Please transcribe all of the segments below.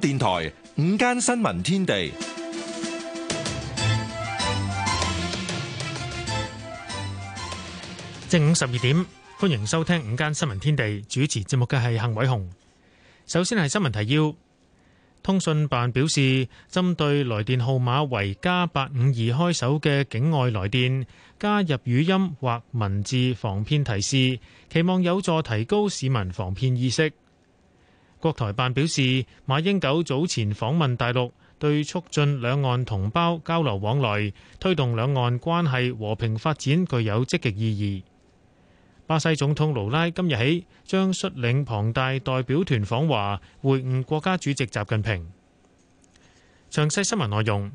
電台午間新聞天地，正午十二點，歡迎收聽午間新聞天地。主持節目嘅係幸偉雄。首先係新聞提要：通訊辦表示，針對來電號碼為加八五二開頭嘅境外來電，加入語音或文字防騙提示，期望有助提高市民防騙意識。國台辦表示，馬英九早前訪問大陸，對促進兩岸同胞交流往來、推動兩岸關係和平發展具有積極意義。巴西總統盧拉今日起將率領龐大代表團訪華，會晤國家主席習近平。詳細新聞內容。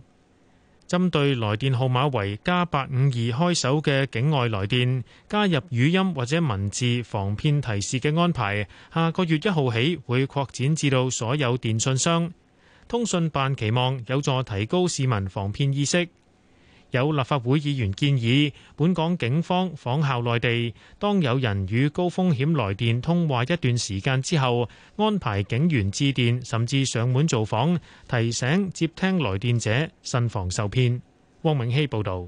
針對來電號碼為加八五二開首嘅境外來電，加入語音或者文字防騙提示嘅安排，下個月一號起會擴展至到所有電訊商。通訊辦期望有助提高市民防騙意識。有立法會議員建議，本港警方仿效內地，當有人與高風險來電通話一段時間之後，安排警員致電，甚至上門造訪，提醒接聽來電者慎防受騙。汪永熙報導。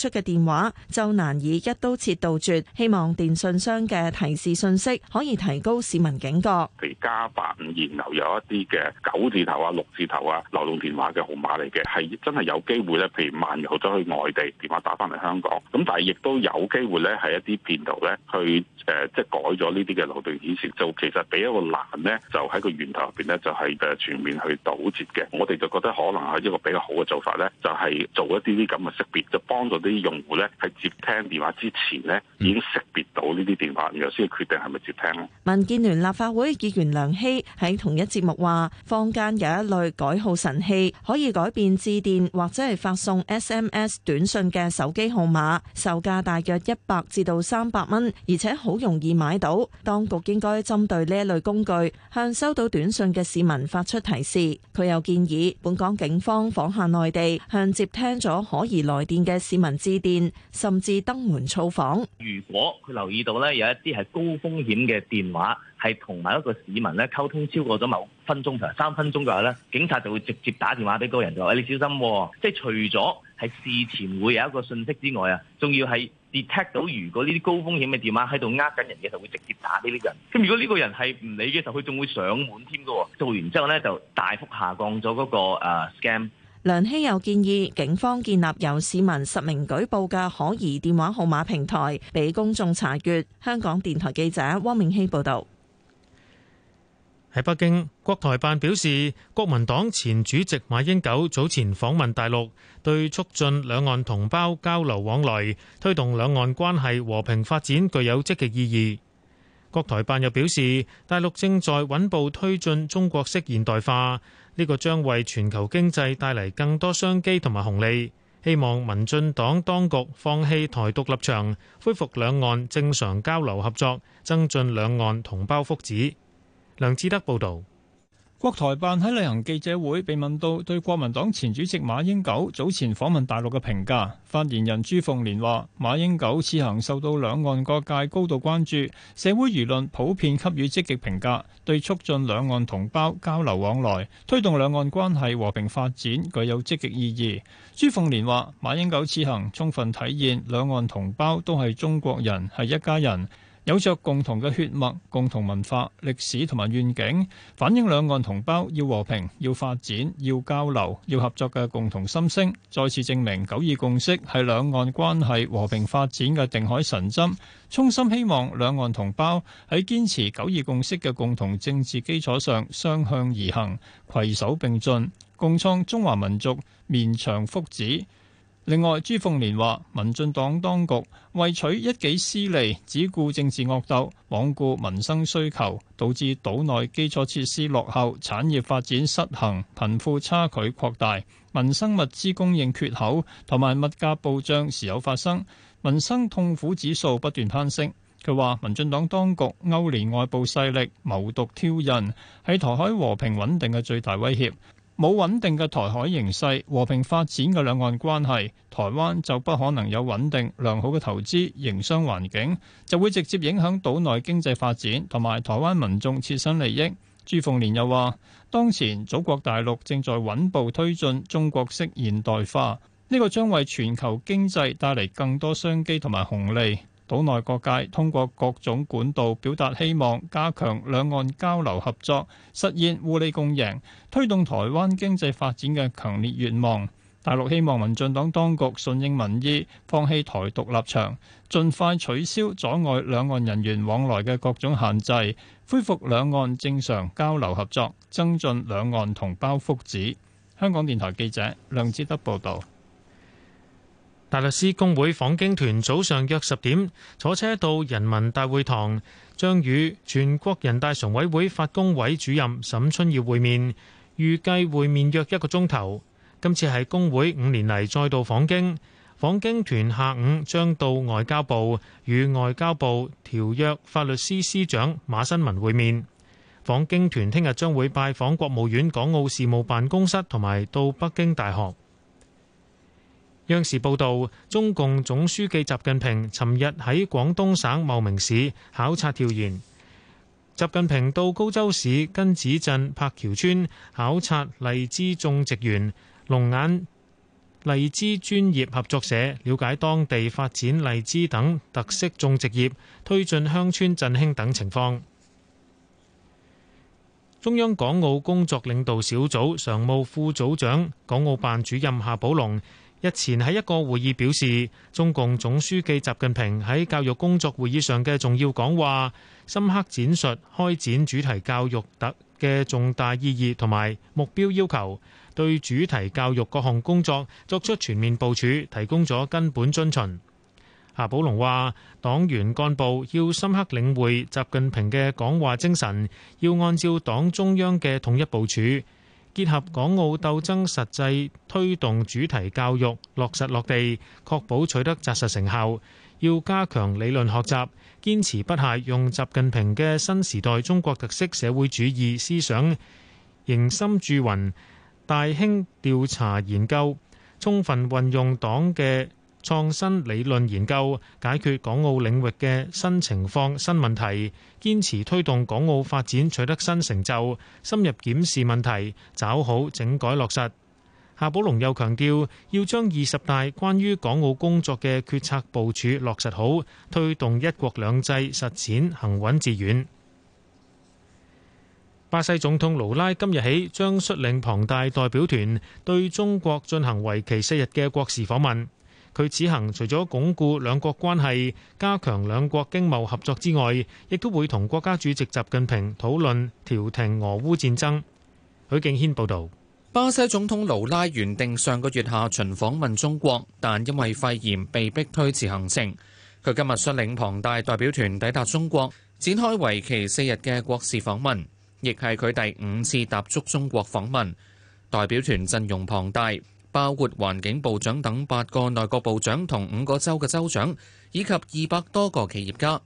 出嘅電話就難以一刀切杜絕，希望電信商嘅提示信息可以提高市民警覺。譬如加八五二然後有一啲嘅九字頭啊、六字頭啊、流動電話嘅號碼嚟嘅，係真係有機會咧。譬如漫遊咗去外地，電話打翻嚟香港，咁但係亦都有機會咧，係一啲騙徒咧去誒即係改咗呢啲嘅流動顯示，就其實俾一個難咧，就喺個源頭入邊咧，就係誒全面去堵截嘅。我哋就覺得可能係一個比較好嘅做法咧，就係做一啲啲咁嘅識別，就幫到啲。啲用戶咧，喺接聽電話之前咧，已經識別到呢啲電話，然後先決定係咪接聽咯。民建聯立法會議員梁熙喺同一節目話：坊間有一類改號神器，可以改變致電或者係發送 SMS 短訊嘅手機號碼，售價大約一百至到三百蚊，而且好容易買到。當局應該針對呢一類工具，向收到短訊嘅市民發出提示。佢又建議本港警方仿效內地，向接聽咗可疑來電嘅市民。致電甚至登門造訪。如果佢留意到咧，有一啲係高風險嘅電話，係同埋一個市民咧溝通超過咗某分鐘，譬如三分鐘嘅話咧，警察，就會直接打電話俾嗰個人，就話你小心，哦。即係除咗係事前會有一個信息之外啊，仲要係 detect 到如果呢啲高風險嘅電話喺度呃緊人嘅，就會直接打俾呢啲人。咁如果呢個人係唔理嘅時候，佢仲會上門添嘅。做完之後咧，就大幅下降咗嗰個誒 scam。梁希又建議警方建立由市民實名舉報嘅可疑電話號碼平台，俾公眾查閱。香港電台記者汪明熙報導。喺北京，國台辦表示，國民黨前主席馬英九早前訪問大陸，對促進兩岸同胞交流往來、推動兩岸關係和平發展具有積極意義。國台辦又表示，大陸正在穩步推進中國式現代化。呢個將為全球經濟帶嚟更多商機同埋紅利，希望民進黨當局放棄台獨立場，恢復兩岸正常交流合作，增進兩岸同胞福祉。梁志德報道。國台辦喺例行記者會被問到對國民黨前主席馬英九早前訪問大陸嘅評價，發言人朱鳳蓮話：馬英九此行受到兩岸各界高度關注，社會輿論普遍給予積極評價，對促進兩岸同胞交流往來、推動兩岸關係和平發展具有積極意義。朱鳳蓮話：馬英九此行充分體現兩岸同胞都係中國人，係一家人。有着共同嘅血脈，共同文化，歷史同埋願景，反映兩岸同胞要和平，要發展，要交流，要合作嘅共同心聲，再次證明九二共識係兩岸關係和平發展嘅定海神針，衷心希望兩岸同胞喺堅持九二共識嘅共同政治基礎上相向而行，攜手並進，共創中華民族，綿長福祉。另外，朱鳳蓮話民進黨當局為取一己私利，只顧政治惡鬥，罔顧民生需求，導致島內基礎設施落後，產業發展失衡，貧富差距擴大，民生物資供應缺口同埋物價暴漲時有發生，民生痛苦指數不斷攀升。佢話民進黨當局勾連外部勢力，謀獨挑釁，喺台海和平穩定嘅最大威脅。冇穩定嘅台海形勢，和平發展嘅兩岸關係，台灣就不可能有穩定良好嘅投資營商環境，就會直接影響島內經濟發展同埋台灣民眾切身利益。朱鳳蓮又話，當前祖國大陸正在穩步推進中國式現代化，呢個將為全球經濟帶嚟更多商機同埋紅利。島內各界通過各種管道表達希望加強兩岸交流合作、實現互利共贏、推動台灣經濟發展嘅強烈願望。大陸希望民進黨當局順應民意，放棄台獨立場，盡快取消阻礙兩岸人員往來嘅各種限制，恢復兩岸正常交流合作，增進兩岸同胞福祉。香港電台記者梁志德報道。大律師公會訪京團早上約十點坐車到人民大會堂，將與全國人大常委會法工委主任沈春耀會面，預計會面約一個鐘頭。今次係公會五年嚟再度訪京，訪京團下午將到外交部與外交部條約法律司司長馬新民會面。訪京團聽日將會拜訪國務院港澳事務辦公室，同埋到北京大學。央視報道，中共總書記習近平尋日喺廣東省茂名市考察調研。習近平到高州市根子鎮柏橋村考察荔枝種植園、龍眼荔枝專業合作社，了解當地發展荔枝等特色種植業、推進鄉村振興等情況。中央港澳工作領導小組常務副組長、港澳辦主任夏寶龍。日前喺一個會議表示，中共總書記習近平喺教育工作會議上嘅重要講話，深刻展述開展主題教育特嘅重大意義同埋目標要求，對主題教育各項工作作出全面部署，提供咗根本遵循。夏寶龍話：黨員幹部要深刻領會習近平嘅講話精神，要按照黨中央嘅統一部署。結合港澳鬥爭實際推動主題教育落實落地，確保取得扎實成效。要加強理論學習，堅持不懈，用習近平嘅新時代中國特色社會主義思想凝心鑄魂，大興調查研究，充分運用黨嘅。創新理論研究，解決港澳領域嘅新情況、新問題，堅持推動港澳發展取得新成就，深入檢視問題，抓好整改落實。夏寶龍又強調，要將二十大關於港澳工作嘅決策部署落實好，推動一國兩制實踐行穩致遠。巴西總統盧拉今日起將率領龐大代表團對中國進行為期四日嘅國事訪問。佢此行除咗鞏固兩國關係，加強兩國經貿合作之外，亦都會同國家主席習近平討論調停俄烏戰爭。許敬軒報道，巴西總統盧拉原定上個月下旬訪問中國，但因為肺炎被逼推遲行程。佢今日率領龐大代表團抵達中國，展開為期四日嘅國事訪問，亦係佢第五次踏足中國訪問。代表團陣容龐大。包括環境部長等八個內閣部長同五個州嘅州長，以及二百多個企業家。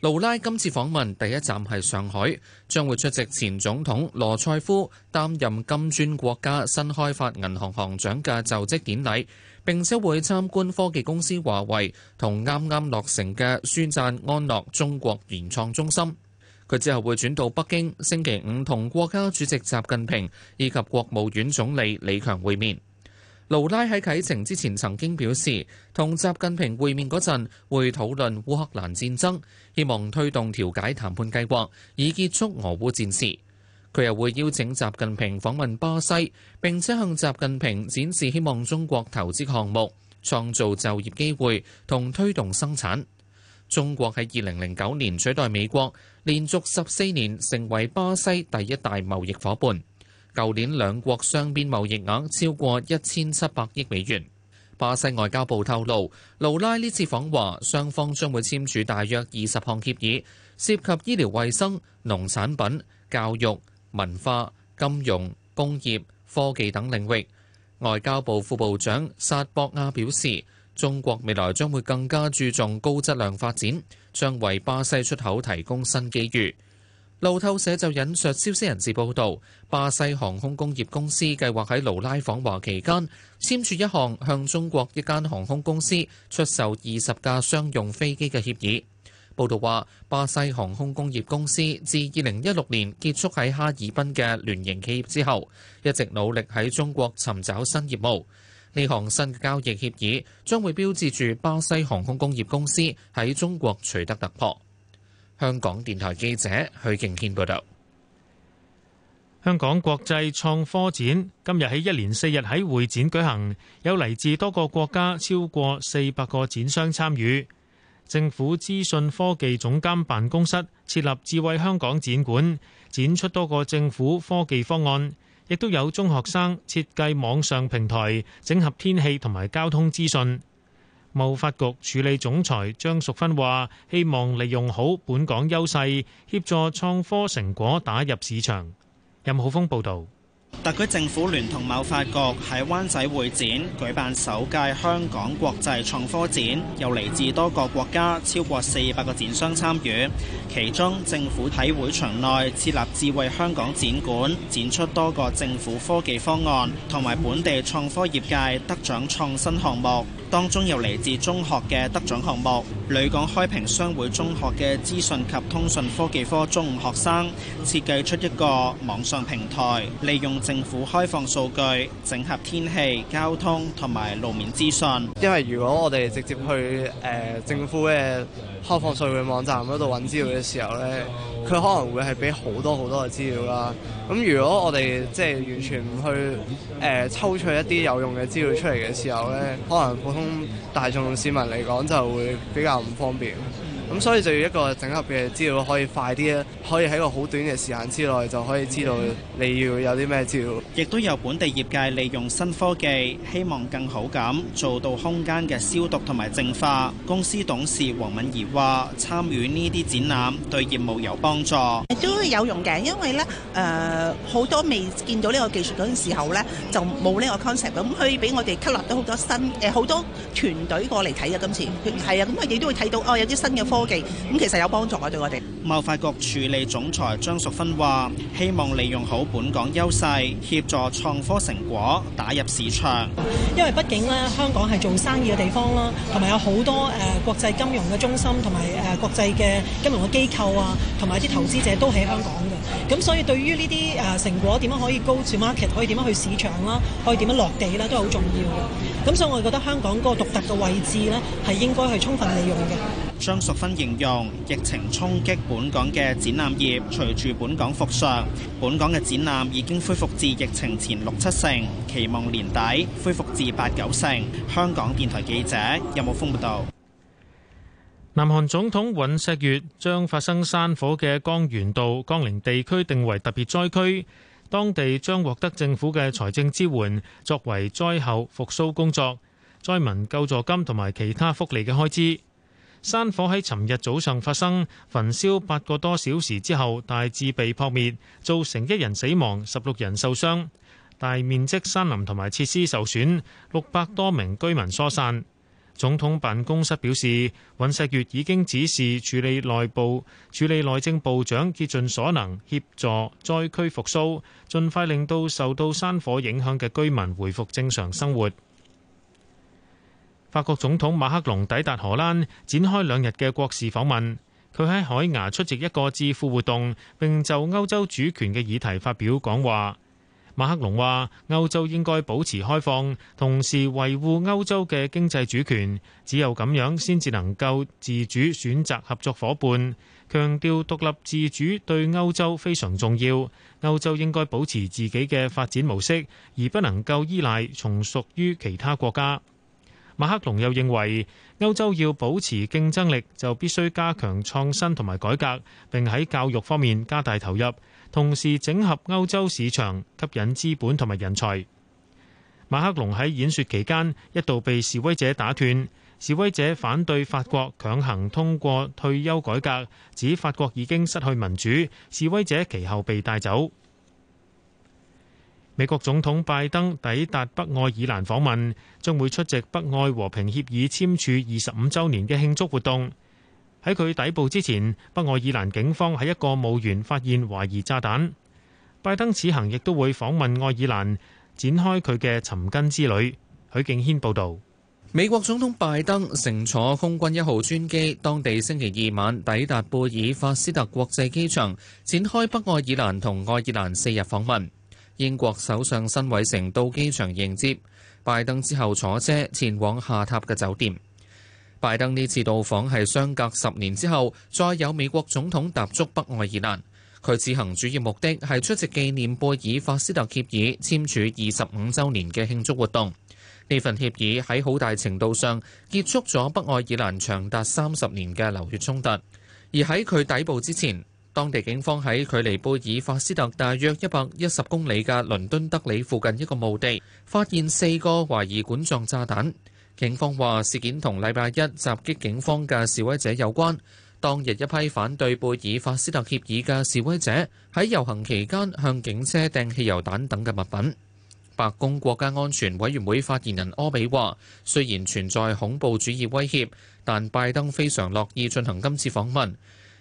盧拉今次訪問第一站係上海，將會出席前總統羅塞夫擔任金磚國家新開發銀行行長嘅就職典禮，並且會參觀科技公司華為同啱啱落成嘅宣讚安樂中國原創中心。佢之後會轉到北京，星期五同國家主席習近平以及國務院總理李強會面。盧拉喺啟程之前曾經表示，同習近平會面嗰陣會討論烏克蘭戰爭，希望推動調解談判計劃以結束俄烏戰事。佢又會邀請習近平訪問巴西，並且向習近平展示希望中國投資項目，創造就業機會同推動生產。中國喺二零零九年取代美國，連續十四年成為巴西第一大貿易夥伴。舊年兩國雙邊貿易額超過一千七百億美元。巴西外交部透露，盧拉呢次訪華，雙方將會簽署大約二十項協議，涉及醫療衛生、農產品、教育、文化、金融、工業、科技等領域。外交部副部長薩博亞表示，中國未來將會更加注重高質量發展，將為巴西出口提供新機遇。路透社就引述消息人士報道，巴西航空工業公司計劃喺盧拉訪華期間簽署一項向中國一間航空公司出售二十架商用飛機嘅協議。報道話巴西航空工業公司自二零一六年結束喺哈爾濱嘅聯營企業之後，一直努力喺中國尋找新業務。呢項新交易協議將會標誌住巴西航空工業公司喺中國取得突破。香港電臺記者許敬軒報道：香港國際創科展今日喺一連四日喺會展舉行，有嚟自多個國家超過四百個展商參與。政府資訊科技總監辦公室設立智慧香港展館，展出多個政府科技方案，亦都有中學生設計網上平臺，整合天氣同埋交通資訊。貿發局處理總裁張淑芬話，希望利用好本港優勢，協助創科成果打入市場。任浩峰報道，特區政府聯同貿發局喺灣仔會展舉辦首屆香港國際創科展，有嚟自多個國家超過四百個展商參與。其中，政府喺會場內設立智慧香港展館，展出多個政府科技方案同埋本地創科業界得獎創新項目。當中又嚟自中學嘅得獎項目，旅港開平商會中學嘅資訊及通訊科技科中五學生設計出一個網上平台，利用政府開放數據整合天氣交通同埋路面資訊。因為如果我哋直接去誒、呃、政府嘅開放數據網站嗰度揾資料嘅時候咧，佢可能會係俾好多好多嘅資料啦。咁如果我哋即係完全唔去誒、呃、抽取一啲有用嘅資料出嚟嘅時候咧，可能普通大眾市民嚟講，就會比較唔方便。咁所以就要一個整合嘅資料可以快啲咧，可以喺個好短嘅時間之內就可以知道你要有啲咩資料。亦都有本地業界利用新科技，希望更好咁做到空間嘅消毒同埋淨化。公司董事黃敏儀話：參與呢啲展覽對業務有幫助。都有用嘅，因為咧誒好多未見到呢個技術嗰陣時候咧，就冇呢個 concept。咁佢俾我哋吸納到好多新誒好多團隊過嚟睇啊！今次係啊，咁佢哋都會睇到哦，有啲新嘅科。科技咁其實有幫助啊，對我哋。貿發局處理總裁張淑芬話希望利用好本港優勢協助創科成果打入市場，因為畢竟咧，香港係做生意嘅地方啦，同埋有好多誒、呃、國際金融嘅中心，同埋誒國際嘅金融嘅機構啊，同埋啲投資者都喺香港嘅。咁所以對於呢啲誒成果點樣可以 go to market，可以點樣去市場啦，可以點樣落地咧，都係好重要嘅。咁所以我哋覺得香港嗰個獨特嘅位置咧，係應該去充分利用嘅。張淑芬形容疫情衝擊本港嘅展覽業，隨住本港復常，本港嘅展覽已經恢復至疫情前六七成，期望年底恢復至八九成。香港電臺記者任武峰報道。有有南韓總統尹錫悅將發生山火嘅江原道江陵地區定為特別災區，當地將獲得政府嘅財政支援，作為災後復甦工作、災民救助金同埋其他福利嘅開支。山火喺尋日早上發生，焚燒八個多小時之後，大致被撲滅，造成一人死亡、十六人受傷，大面積山林同埋設施受損，六百多名居民疏散。總統辦公室表示，尹錫悅已經指示處理內部、處理內政部長竭盡所能協助災區復甦，盡快令到受到山火影響嘅居民回復正常生活。法國總統馬克龍抵達荷蘭，展開兩日嘅國事訪問。佢喺海牙出席一個致富活動，並就歐洲主權嘅議題發表講話。馬克龍話：歐洲應該保持開放，同時維護歐洲嘅經濟主權。只有咁樣先至能夠自主選擇合作夥伴，強調獨立自主對歐洲非常重要。歐洲應該保持自己嘅發展模式，而不能夠依賴從屬於其他國家。馬克龍又認為，歐洲要保持競爭力，就必須加強創新同埋改革，並喺教育方面加大投入，同時整合歐洲市場，吸引資本同埋人才。馬克龍喺演說期間一度被示威者打斷，示威者反對法國強行通過退休改革，指法國已經失去民主，示威者其後被帶走。美國總統拜登抵達北愛爾蘭訪問，將會出席北愛和平協議簽署二十五周年嘅慶祝活動。喺佢抵埗之前，北愛爾蘭警方喺一個墓園發現懷疑炸彈。拜登此行亦都會訪問愛爾蘭，展開佢嘅尋根之旅。許敬軒報道：美國總統拜登乘坐空軍一號專機，當地星期二晚抵達貝爾法斯特國際機場，展開北愛爾蘭同愛爾蘭四日訪問。英國首相辛偉誠到機場迎接拜登，之後坐車前往下榻嘅酒店。拜登呢次到訪係相隔十年之後，再有美國總統踏足北愛爾蘭。佢此行主要目的係出席紀念貝爾法斯特協議簽署二十五週年嘅慶祝活動。呢份協議喺好大程度上結束咗北愛爾蘭長達三十年嘅流血衝突，而喺佢抵埗之前，當地警方喺距離貝爾法斯特大約一百一十公里嘅倫敦德里附近一個墓地，發現四個懷疑管狀炸彈。警方話事件同禮拜一襲擊警方嘅示威者有關。當日一批反對貝爾法斯特協議嘅示威者喺遊行期間向警車掟汽油彈等嘅物品。白宮國家安全委員會發言人柯比話，雖然存在恐怖主義威脅，但拜登非常樂意進行今次訪問。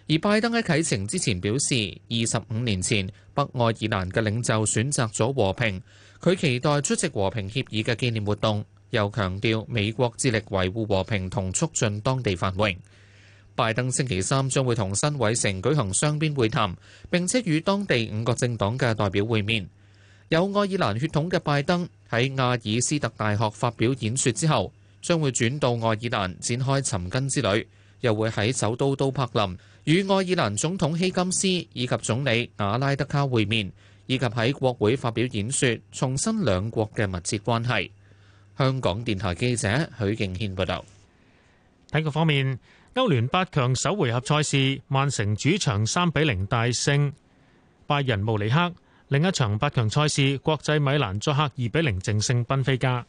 而拜登喺啟程之前表示，二十五年前北愛爾蘭嘅領袖選擇咗和平，佢期待出席和平協議嘅紀念活動，又強調美國致力維護和平同促進當地繁榮。拜登星期三將會同辛偉誠舉行雙邊會談，並且與當地五個政黨嘅代表會面。有愛爾蘭血統嘅拜登喺阿爾斯特大學發表演說之後，將會轉到愛爾蘭展開尋根之旅，又會喺首都都柏林。與愛爾蘭總統希金斯以及總理瓦拉德卡會面，以及喺國會發表演說，重申兩國嘅密切關係。香港電台記者許敬軒報道。體育方面，歐聯八強首回合賽事，曼城主場三比零大勝拜仁慕尼黑；另一場八強賽事，國際米蘭作客二比零淨勝賓菲加。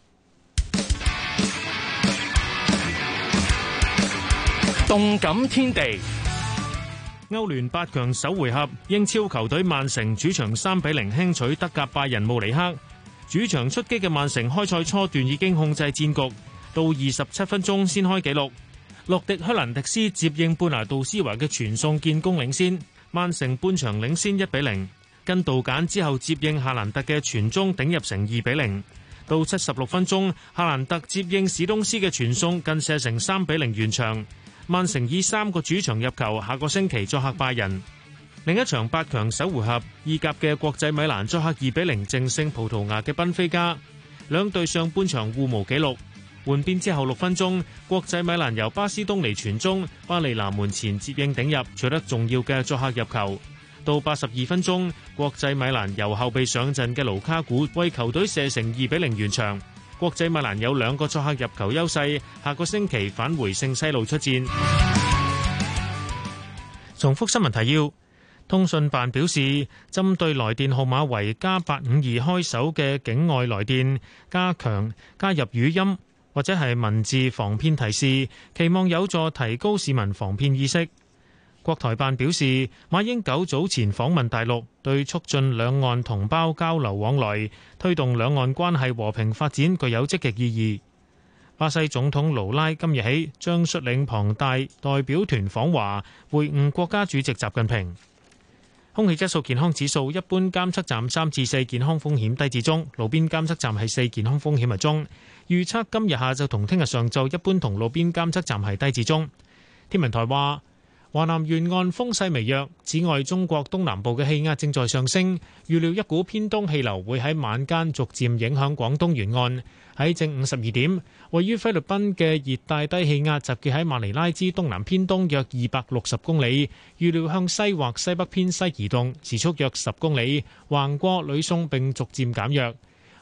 動感天地。歐聯八強首回合，英超球隊曼城主場三比零輕取德甲拜仁慕尼克。主場出擊嘅曼城，開賽初段已經控制戰局，到二十七分鐘先開紀錄。洛迪·克蘭迪斯接應貝拿杜斯華嘅傳送建功領先，曼城半場領先一比零。跟道簡之後接應夏蘭特嘅傳中頂入成二比零。到七十六分鐘，夏蘭特接應史東斯嘅傳送近射成三比零完場。曼城以三個主場入球，下個星期作客拜仁。另一場八強首回合，意甲嘅國際米蘭作客二比零淨勝葡萄牙嘅賓菲加，兩隊上半場互無紀錄。換邊之後六分鐘，國際米蘭由巴斯東尼傳中，巴黎拿門前接應頂入，取得重要嘅作客入球。到八十二分鐘，國際米蘭由後備上陣嘅盧卡古為球隊射成二比零完場。國際米蘭有兩個作客入球優勢，下個星期返回聖西路出戰。重複新聞提要：通訊辦表示，針對來電號碼為加八五二開首嘅境外來電，加強加入語音或者係文字防騙提示，期望有助提高市民防騙意識。國台辦表示，馬英九早前訪問大陸，對促進兩岸同胞交流往來、推動兩岸關係和平發展具有積極意義。巴西總統盧拉今日起將率領龐大代表團訪華，會晤國家主席習近平。空氣質素健康指數一般監測站三至四，健康風險低至中；路邊監測站係四，健康風險係中。預測今日下晝同聽日上晝一般同路邊監測站係低至中。天文台話。華南沿岸風勢微弱，此外中國東南部嘅氣壓正在上升，預料一股偏東氣流會喺晚間逐漸影響廣東沿岸。喺正午十二點，位於菲律賓嘅熱帶低氣壓集結喺馬尼拉之東南偏東約二百六十公里，預料向西或西北偏西移動，時速約十公里，橫過呂宋並逐漸減弱。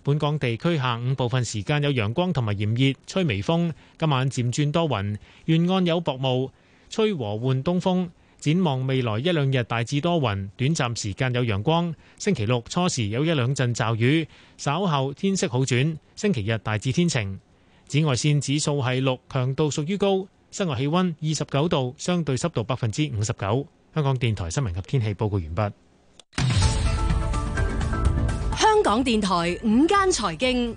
本港地區下午部分時間有陽光同埋炎熱，吹微風，今晚漸轉多雲，沿岸有薄霧。吹和緩東風，展望未來一兩日大致多雲，短暫時間有陽光。星期六初時有一兩陣驟雨，稍後天色好轉。星期日大致天晴，紫外線指數係六，強度屬於高。室外氣溫二十九度，相對濕度百分之五十九。香港電台新聞及天氣報告完畢。香港電台午間財經。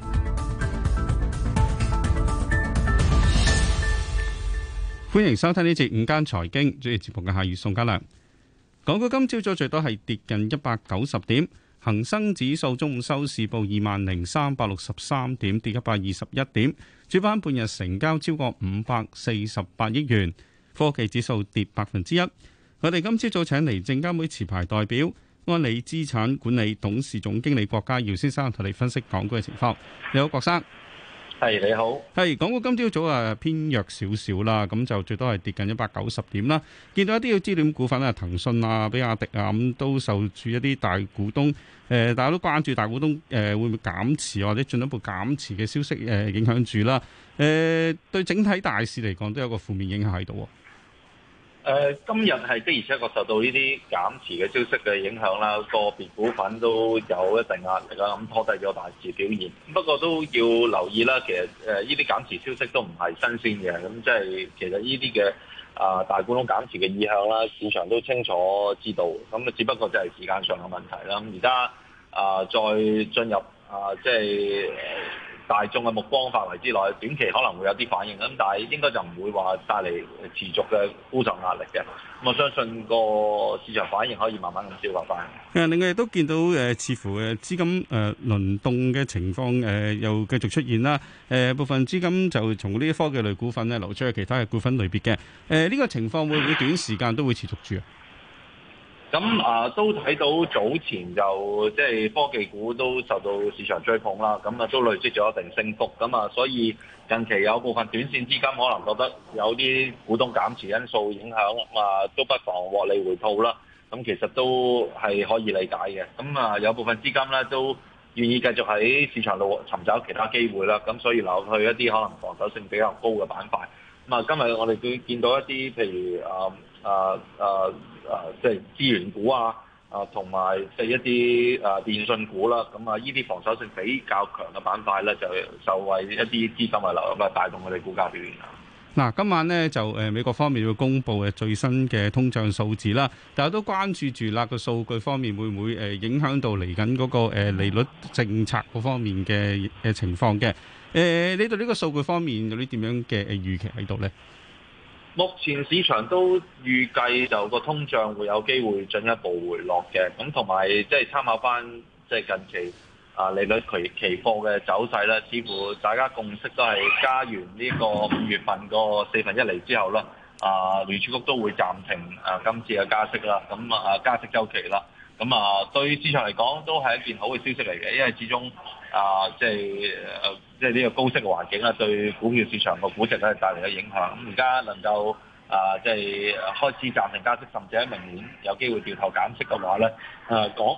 歡迎收聽呢節午間財經，主持節目嘅係夏宇、宋家良。港股今朝早最多係跌近一百九十點，恒生指數中午收市報二萬零三百六十三點，跌一百二十一點。主板半日成交超過五百四十八億元，科技指數跌百分之一。我哋今朝早請嚟證監會持牌代表安理資產管理董事總經理郭家耀先生，同你分析港股嘅情況。你好，郭生。係你好，係港股今朝早啊，偏弱少少啦，咁就最多係跌近一百九十點啦。見到一啲嘅焦點股份咧，騰訊啊，比亞迪啊，咁都受住一啲大股東，誒、呃，大家都關注大股東誒、呃、會唔會減持或者進一步減持嘅消息，誒、呃，影響住啦，誒、呃，對整體大市嚟講都有個負面影響喺度。誒、呃、今日係的而且確受到呢啲減持嘅消息嘅影響啦，個別股份都有一定壓力啦，咁拖低咗大市表現。不過都要留意啦，其實誒呢啲減持消息都唔係新鮮嘅，咁即係其實呢啲嘅啊大股東減持嘅意向啦，市場都清楚知道，咁只不過就係時間上嘅問題啦。咁而家啊再進入啊即係，呃就係大眾嘅目光範圍之內，短期可能會有啲反應咁，但係應該就唔會話帶嚟持續嘅沽售壓力嘅。咁我相信個市場反應可以慢慢咁消化翻。誒、嗯，另外亦都見到誒、呃，似乎誒資金誒、呃、輪動嘅情況誒、呃、又繼續出現啦。誒、呃，部分資金就從呢啲科技類股份咧流出去其他嘅股份類別嘅。誒、呃，呢、這個情況會唔會短時間都會持續住啊？咁啊，都睇到早前就即係科技股都受到市場追捧啦。咁啊，都累積咗一定升幅咁啊，所以近期有部分短線資金可能覺得有啲股東減持因素影響咁啊，都不妨獲利回吐啦。咁啊，其實都係可以理解嘅。咁啊，有部分資金咧都願意繼續喺市場度尋找其他機會啦。咁啊，所以流去一啲可能防守性比較高嘅板塊，咁啊，今日我哋都見到一啲譬如啊。啊啊啊，即，啊、係、啊、資源股啊股啊，同埋即係一啲啊電訊股啦。咁啊，呢啲防守性比較強嘅板塊咧，就就為一啲資金嘅流入咧，帶動我哋股價表現啊。嗱，今晚咧就誒美國方面會公布嘅最新嘅通脹數字啦，大家都關注住啦，個數據方面會唔會誒影響到嚟緊嗰個利率政策嗰方面嘅嘅情況嘅。誒、呃，你對呢個數據方面有啲點樣嘅預期喺度咧？目前市場都預計就個通脹會有機會進一步回落嘅，咁同埋即係參考返即係近期啊利率期期貨嘅走勢咧，似乎大家共識都係加完呢個五月份個四分一厘之後咯，啊聯儲局都會暫停啊今次嘅加息啦，咁啊加息周期啦，咁啊對於市場嚟講都係一件好嘅消息嚟嘅，因為始終。啊、呃，即係即係呢個高息嘅環境啦，對股票市場個估值都係帶嚟嘅影響。咁而家能夠啊、呃，即係開始暫停加息，甚至喺明年有機會掉頭減息嘅話咧，誒，講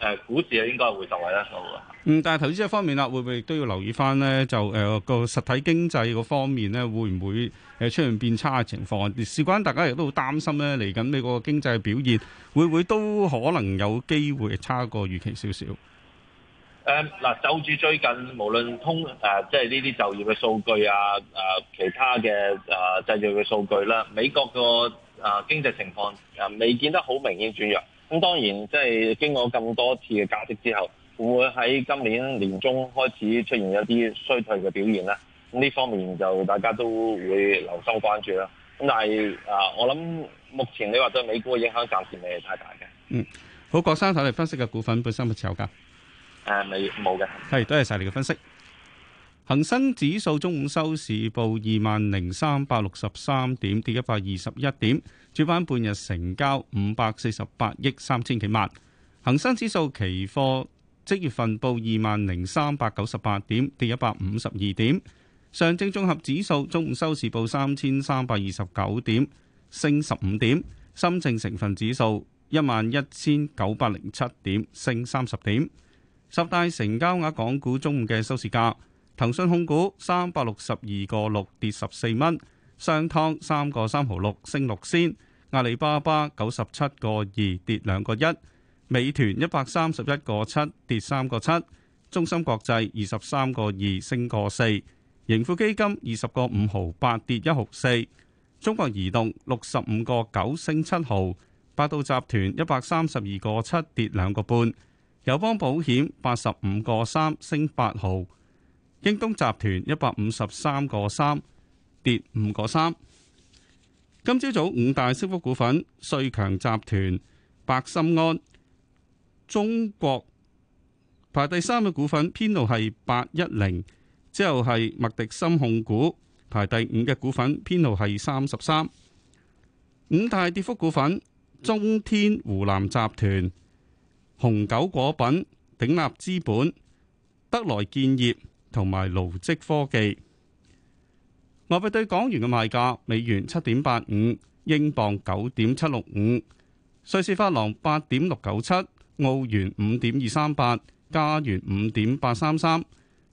誒，股市啊，應該會受惠得到嘅。嗯，但係投資嘅方面啦，會唔會都要留意翻咧？就誒、呃、個實體經濟方面咧，會唔會誒出現變差嘅情況？事關大家亦都好擔心咧，嚟緊你個經濟表現會唔會都可能有機會差過預期少少？嗱，就住最近，無論通誒，即係呢啲就業嘅數據啊，誒其他嘅誒製造嘅數據啦，美國個誒經濟情況誒未見得好明顯轉弱。咁當然，即係經過咁多次嘅加息之後，會唔會喺今年年中開始出現一啲衰退嘅表現啦。咁呢方面就大家都會留心關注啦。咁但係啊，我諗目前你話對美股嘅影響暫時未係太大嘅。嗯，好，郭生睇嚟分析嘅股份本身有冇炒㗎？誒，你冇嘅係，多謝晒你嘅分析。恒生指數中午收市報二萬零三百六十三點，跌一百二十一點。主板半日成交五百四十八億三千幾萬。恒生指數期貨即月份報二萬零三百九十八點，跌一百五十二點。上證綜合指數中午收市報三千三百二十九點，升十五點。深證成分指數一萬一千九百零七點，升三十點。十大成交額港股中午嘅收市價：騰訊控股三百六十二個六跌十四蚊，商湯三個三毫六升六仙；阿里巴巴九十七個二跌兩個一，美團一百三十一個七跌三個七，中芯國際二十三個二升個四，盈富基金二十個五毫八跌一毫四，中國移動六十五個九升七毫，百度集團一百三十二個七跌兩個半。友邦保險八十五個三升八毫，京東集團一百五十三個三跌五個三。今朝早，早五大升幅股份：瑞強集團、百森安、中國排第三嘅股份，編號係八一零；之後係麥迪森控股，排第五嘅股份，編號係三十三。五大跌幅股份：中天湖南集團。紅九果品、鼎立資本、德來建業同埋勞積科技。外幣對港元嘅賣價：美元七點八五，英鎊九點七六五，瑞士法郎八點六九七，澳元五點二三八，加元五點八三三，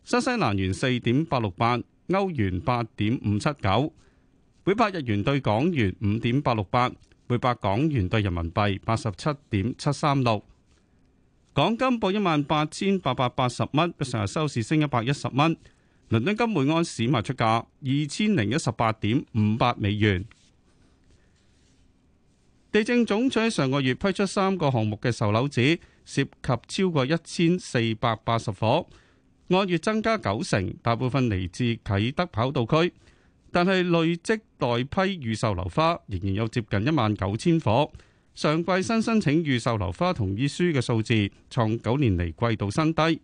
新西蘭元四點八六八，歐元八點五七九。每百日元對港元五點八六八，每百港元對人民幣八十七點七三六。港金報一萬八千八百八十蚊，上日收市升一百一十蚊。倫敦金每安士賣出價二千零一十八點五八美元。地政總署喺上個月批出三個項目嘅售樓紙，涉及超過一千四百八十伙，按月增加九成，大部分嚟自啟德跑道區，但係累積待批預售樓花仍然有接近一萬九千伙。上季新申請預售樓花同意書嘅數字創九年嚟季度新低。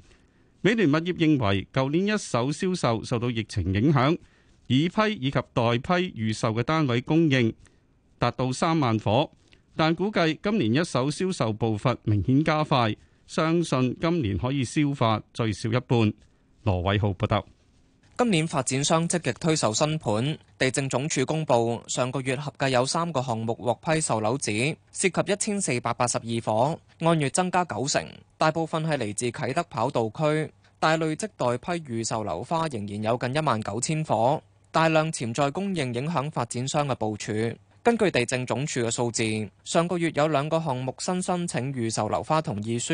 美聯物業認為，舊年一手銷售受到疫情影響，已批以及待批預售嘅單位供應達到三萬夥，但估計今年一手銷售步伐明顯加快，相信今年可以消化最少一半。羅偉浩報道。今年發展商積極推售新盤，地政總署公佈，上個月合計有三個項目獲批售樓紙，涉及一千四百八十二伙，按月增加九成，大部分係嚟自啟德跑道區。大累積待批預售樓花仍然有近一萬九千伙，大量潛在供應影響發展商嘅部署。根據地政總署嘅數字，上個月有兩個項目新申請預售樓花同意書，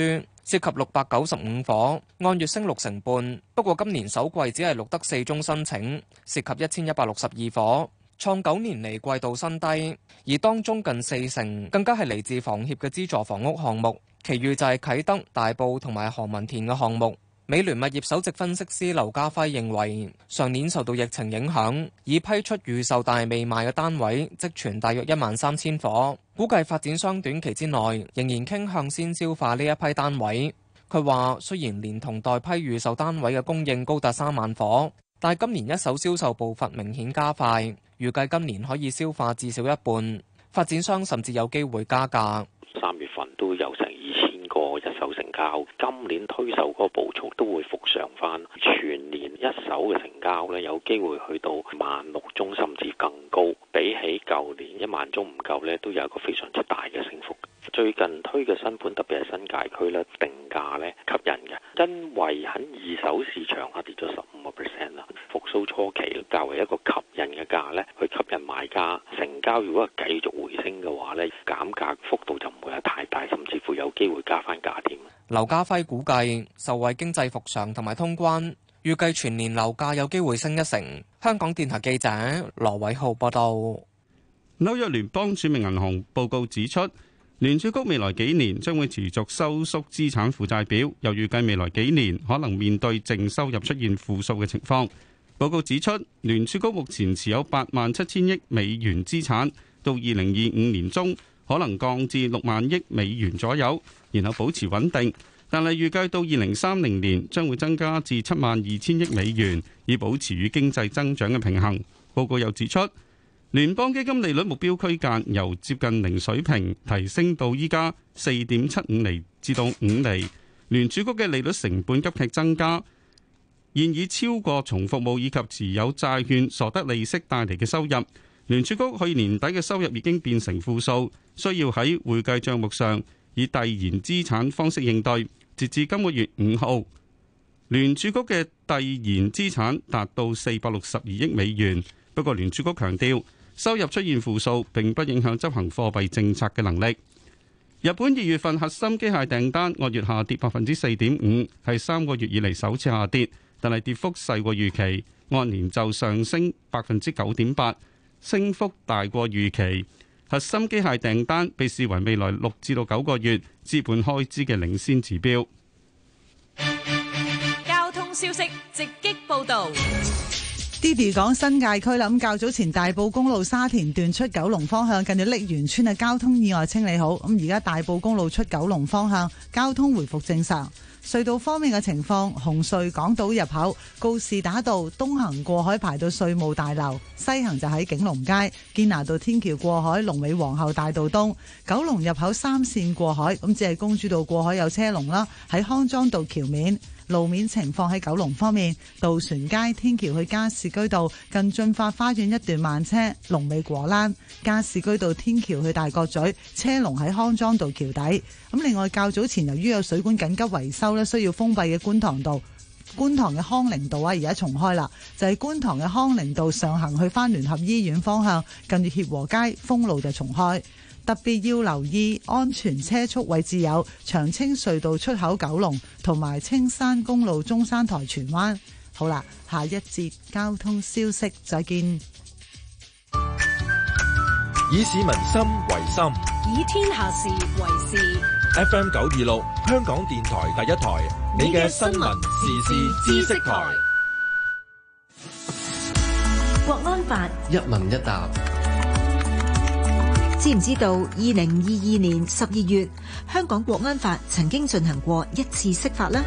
涉及六百九十五伙，按月升六成半。不過今年首季只係錄得四宗申請，涉及一千一百六十二伙，創九年嚟季度新低。而當中近四成更加係嚟自房協嘅資助房屋項目，其餘就係啟德、大埔同埋何文田嘅項目。美聯物業首席分析師劉家輝認為，上年受到疫情影響，已批出預售但未賣嘅單位積存大約一萬三千伙，估計發展商短期之內仍然傾向先消化呢一批單位。佢話雖然連同待批預售單位嘅供應高達三萬伙，但今年一手銷售步伐明顯加快，預計今年可以消化至少一半，發展商甚至有機會加價。三月份都有，個一手成交，今年推售個步速都會復上翻，全年一手嘅成交咧有機會去到萬六宗甚至更高，比起舊年一萬宗唔夠咧，都有一個非常之大嘅升幅。最近推嘅新盤，特別係新界區咧，定價咧吸引嘅，因為喺二手市場下跌咗十五個 percent 啦，復甦初期較為一個吸引嘅價咧，去吸引買家成交。如果係繼續回升嘅話咧，減價幅度就唔會係太大，甚至乎有機會加翻價添。劉家輝估計，受惠經濟復常同埋通關，預計全年樓價有機會升一成。香港電台記者羅偉浩報道。紐約聯邦儲備銀行報告指出，聯儲局未來幾年將會持續收縮資產負債表，又預計未來幾年可能面對淨收入出現負數嘅情況。報告指出，聯儲局目前持有八萬七千億美元資產，到二零二五年中可能降至六萬億美元左右，然後保持穩定。但係預計到二零三零年將會增加至七萬二千億美元，以保持與經濟增長嘅平衡。報告又指出。聯邦基金利率目標區間由接近零水平提升到依家四點七五厘至到五厘。聯儲局嘅利率成本急劇增加，現已超過從服務以及持有債券所得利息帶嚟嘅收入。聯儲局去年底嘅收入已經變成負數，需要喺會計賬目上以遞延資產方式應對。截至今個月五號，聯儲局嘅遞延資產達到四百六十二億美元。不過聯儲局強調。收入出現負數並不影響執行貨幣政策嘅能力。日本二月份核心機械訂單按月下跌百分之四點五，係三個月以嚟首次下跌，但係跌幅細過預期，按年就上升百分之九點八，升幅大過預期。核心機械訂單被視為未來六至到九個月資本開支嘅領先指標。交通消息直擊報導。Didi 講新界區啦，咁較早前大埔公路沙田段出九龍方向，近住瀝源村嘅交通意外清理好，咁而家大埔公路出九龍方向交通回復正常。隧道方面嘅情況，紅隧港島入口、告士打道東行過海排到稅務大樓，西行就喺景隆街、堅拿道天橋過海、龍尾皇后大道東、九龍入口三線過海，咁只係公主道過海有車龍啦，喺康莊道橋面。路面情況喺，九龍方面，渡船街天橋去加士居道近駿發花園一段慢車，龍尾果欄；加士居道天橋去大角咀車龍喺康莊道橋底。咁另外，較早前由於有水管緊急維修咧，需要封閉嘅觀塘道，觀塘嘅康寧道啊，而家重開啦，就係、是、觀塘嘅康寧道上行去翻聯合醫院方向近住協和街封路就重開。特別要留意安全車速位置，有長青隧道出口、九龍同埋青山公路中山台、荃灣。好啦，下一節交通消息，再見。以市民心為心，以天下事為事。FM 九二六，香港電台第一台，你嘅新聞時事知識台。國安法一問一答。知唔知道二零二二年十二月，香港國安法曾經進行過一次釋法呢？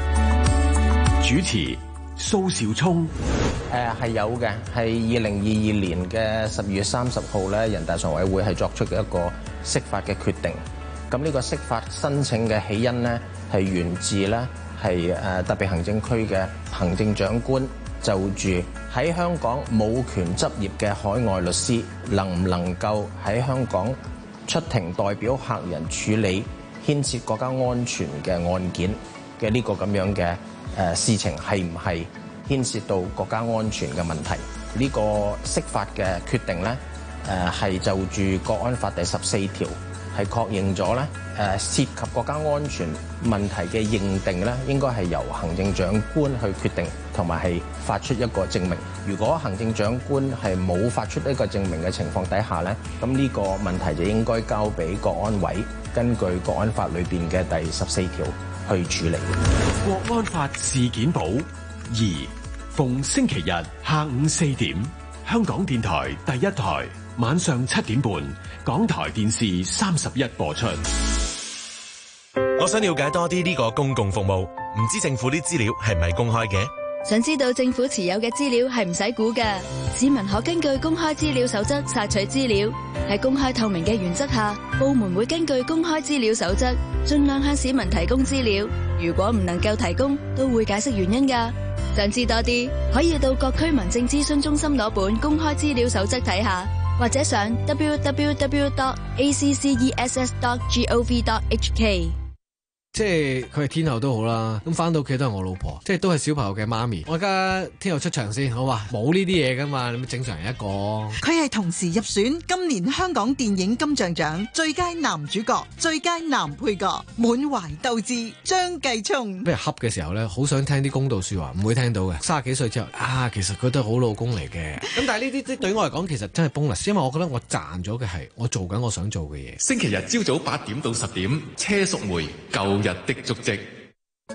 主持蘇小聰誒，係、呃、有嘅，係二零二二年嘅十二月三十號咧，人大常委會係作出嘅一個釋法嘅決定。咁呢個釋法申請嘅起因咧，係源自咧係誒特別行政區嘅行政長官。就住喺香港冇權執業嘅海外律師能唔能夠喺香港出庭代表客人處理牽涉國家安全嘅案件嘅呢個咁樣嘅誒、呃、事情，係唔係牽涉到國家安全嘅問題，呢、這個釋法嘅決定咧，誒、呃、係就住《國安法》第十四條，係確認咗咧誒涉及國家安全問題嘅認定咧，應該係由行政長官去決定。同埋係發出一個證明。如果行政長官係冇發出一個證明嘅情況底下呢，咁呢個問題就應該交俾國安委根據國安法裏邊嘅第十四條去處理。國安法事件簿二，2, 逢星期日下午四點，香港電台第一台晚上七點半，港台電視三十一播出。我想了解多啲呢個公共服務，唔知政府啲資料係咪公開嘅？想知道政府持有嘅資料係唔使估噶市民可根據公開資料守則索取資料。喺公開透明嘅原則下，部門會根據公開資料守則盡量向市民提供資料。如果唔能夠提供，都會解釋原因噶想知多啲，可以到各區民政諮詢中心攞本公開資料守則睇下，或者上 www.access.gov.hk。即係佢係天后都好啦，咁返到屋企都係我老婆，即係都係小朋友嘅媽咪。我而家天后出場先，好嘛？冇呢啲嘢噶嘛，你咪正常人一個。佢係同時入選今年香港電影金像獎最佳男主角、最佳男配角，滿懷鬥志，張繼聰。咩？恰嘅時候咧，好想聽啲公道說話，唔會聽到嘅。三十幾歲之後啊，其實佢都係好老公嚟嘅。咁 但係呢啲，即係對我嚟講，其實真係 bonus，因為我覺得我賺咗嘅係我做緊我想做嘅嘢。星期日朝早八點到十點，車淑梅舊日的足跡，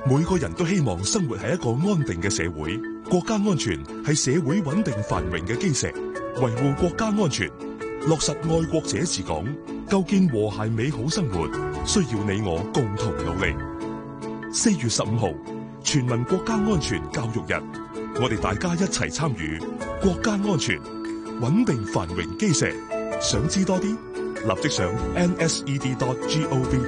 每個人都希望生活喺一個安定嘅社會。國家安全係社會穩定繁榮嘅基石，維護國家安全，落實愛國者治港，構建和諧美好生活，需要你我共同努力。四月十五號全民國家安全教育日，我哋大家一齊參與國家安全穩定繁榮基石。想知多啲，立即上 nsed.gov.hk。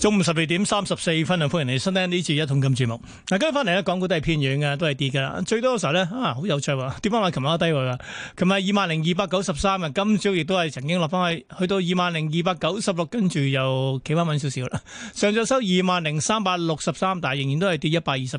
中午十二點三十四分啊，歡迎嚟收聽呢次一,一桶金節目。嗱、啊，今日翻嚟咧，港股都係偏軟嘅，都係跌嘅啦。最多嘅時候咧啊，好有趣喎，跌翻落琴日低位啦。琴日二萬零二百九十三啊，今朝亦都係曾經落翻去，去到二萬零二百九十六，跟住又企翻穩少少啦。上晝收二萬零三百六十三，但係仍然都係跌一百二十。